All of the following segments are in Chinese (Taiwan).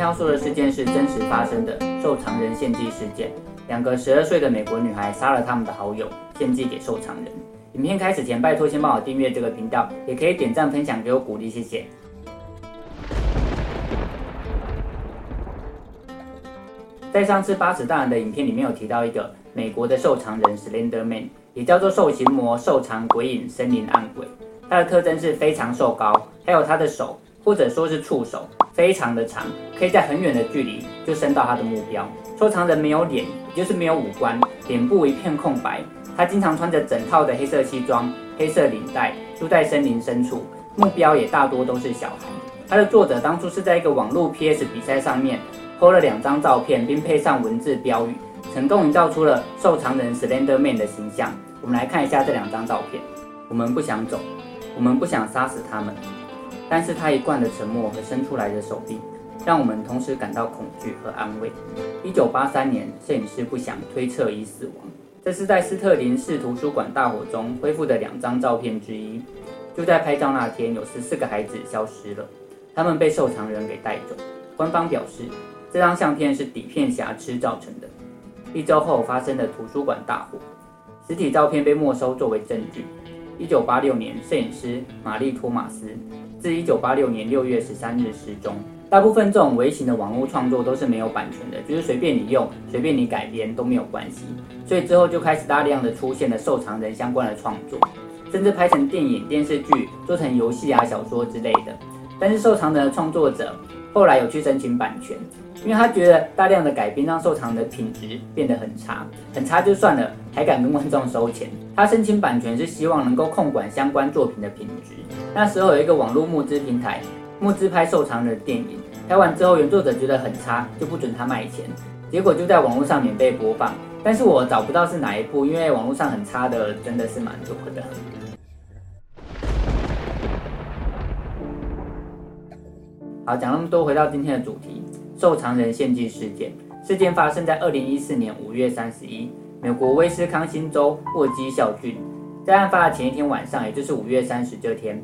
要說的事件是真實發生的瘦長人獻祭事件，兩個十二歲的美國女孩殺了他們的好友，獻祭給瘦長人。影片開始前，拜托先幫我訂閱這個頻道，也可以點讚分享給我鼓勵，謝謝。在上次八尺大人的影片裡面有提到一個美國的瘦長人 Slender Man，也叫做瘦形魔、瘦長鬼影、森林暗鬼，它的特徵是非常瘦高，還有它的手，或者說是觸手。非常的長，可以在很遠的距離就伸到他的目標。瘦長人沒有臉，也就是沒有五官，臉部一片空白。他經常穿着整套的黑色西裝、黑色領帶，住在森林深處。目標也大多都是小孩。他的作者當初是在一個網絡 PS 比賽上面，摳了兩張照片，並配上文字標語，成功營造出了瘦長人 Slender Man 的形象。我們來看一下這兩張照片。我們不想走，我們不想殺死他們。但是他一貫的沉默和伸出來的手臂，讓我們同時感到恐懼和安慰。一九八三年，攝影師不詳，推測已死亡，這是在斯特林市圖書館大火中恢復的兩張照片之一。就在拍照那天，有十四個孩子消失了，他們被瘦長人給帶走。官方表示，這張相片是底片瑕疵造成的。一周後發生的圖書館大火，實體照片被沒收作為證據。一九八六年，攝影師瑪麗·托馬斯自一九八六年六月十三日失蹤。大部分這種微型的網絡創作都是沒有版權的，就是隨便你用，隨便你改編都沒有關係。所以之後就開始大量的出現了瘦長人相關的創作，甚至拍成電影、電視劇，做成遊戲啊、小說之類的。但是瘦長人的創作者。後來有去申請版權，因為他覺得大量的改編讓瘦長的品質變得很差，很差就算了，還敢跟觀眾收錢。他申請版權是希望能夠控管相關作品的品質。那時候有一個網絡募資平台，募資拍瘦長的電影，拍完之後原作者覺得很差，就不准他賣錢，結果就在網絡上免費播放。但是我找不到是哪一部，因為網絡上很差的真的是蠻多的。好，講那麼多，回到今天的主題，瘦長人獻祭事件。事件發生在二零一四年五月三十一，美國威斯康星州沃基肖郡。在案发的前一天晚上，也就是五月三十這天，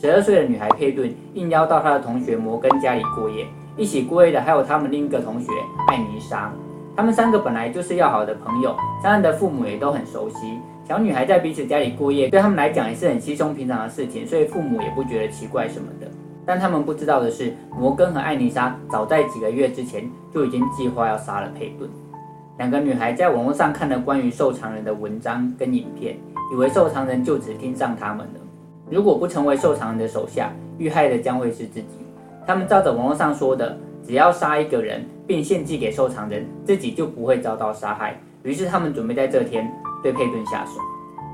十二歲的女孩佩頓應邀到她的同學摩根家裡過夜，一起過夜的還有他們另一個同學艾妮莎。他們三個本來就是要好的朋友，三人的父母也都很熟悉。小女孩在彼此家裡過夜，對他們來講也是很稀鬆平常的事情，所以父母也不覺得奇怪什麼的。但他們不知道的是，摩根和艾妮莎早在幾個月之前就已經計劃要殺了佩頓。兩個女孩在網絡上看了關於瘦長人的文章跟影片，以為瘦長人就只盯上他們了。如果不成為瘦長人的手下，遇害的將會是自己。他們照着網絡上說的，只要殺一個人並獻祭給瘦長人，自己就不會遭到殺害。於是他們準備在這天對佩頓下手。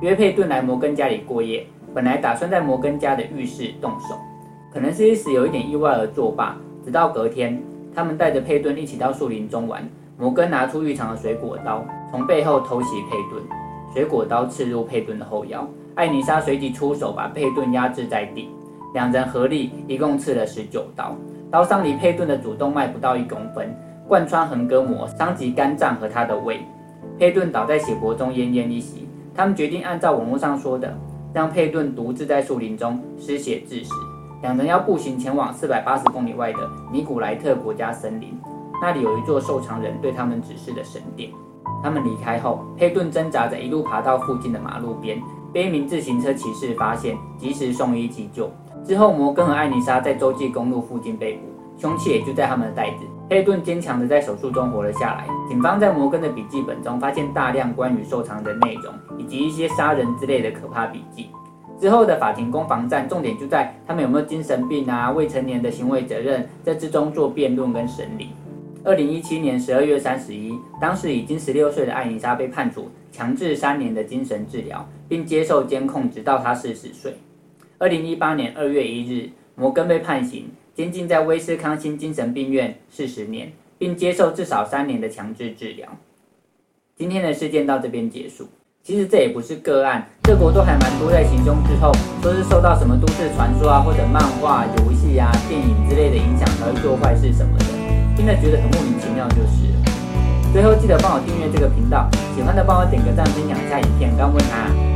約佩頓來摩根家裡過夜，本來打算在摩根家的浴室動手。可能是一時有一點意外而作罷。直到隔天，他們帶着佩頓一起到樹林中玩。摩根拿出浴場的水果刀，從背後偷襲佩頓，水果刀刺入佩頓的後腰。艾尼莎隨即出手，把佩頓壓制在地。兩人合力，一共刺了十九刀，刀傷離佩頓的主動脈不到一公分，貫穿橫膈膜，傷及肝臟和他的胃。佩頓倒在血泊中奄奄一息。他們決定按照網絡上說的，讓佩頓獨自在樹林中失血致死。兩人要步行前往四百八十公里外的尼古萊特國家森林，那裡有一座瘦長人對他們指示的神殿。他們離開後，佩頓掙扎着一路爬到附近的馬路邊，被一名自行車騎士發現，及時送醫急救。之後，摩根和艾妮莎在洲際公路附近被捕，兇器也就在他們的袋子。佩頓堅強的在手術中活了下來。警方在摩根的筆記本中發現大量關於瘦長人的內容，以及一些殺人之類的可怕筆記。之後的法庭攻防戰重點就在他們有沒有精神病啊、未成年的行為責任，在之中做辯論跟審理。二零一七年十二月三十一，當時已經十六歲的艾尼莎被判處強制三年的精神治療，並接受監控直到他四十歲。二零一八年二月一日，摩根被判刑，監禁在威斯康星精神病院四十年，並接受至少三年的強制治療。今天的事件到這邊結束。其實這也不是個案，各國都還蠻多在行凶之後，說是受到什麼都市傳說啊，或者漫畫、遊戲啊、電影之類的影響，才會做壞事什麼的。真的覺得很莫名其妙，就是了。最後記得幫我訂閱這個頻道，喜歡的幫我點個讚，分享一下影片，剛問他。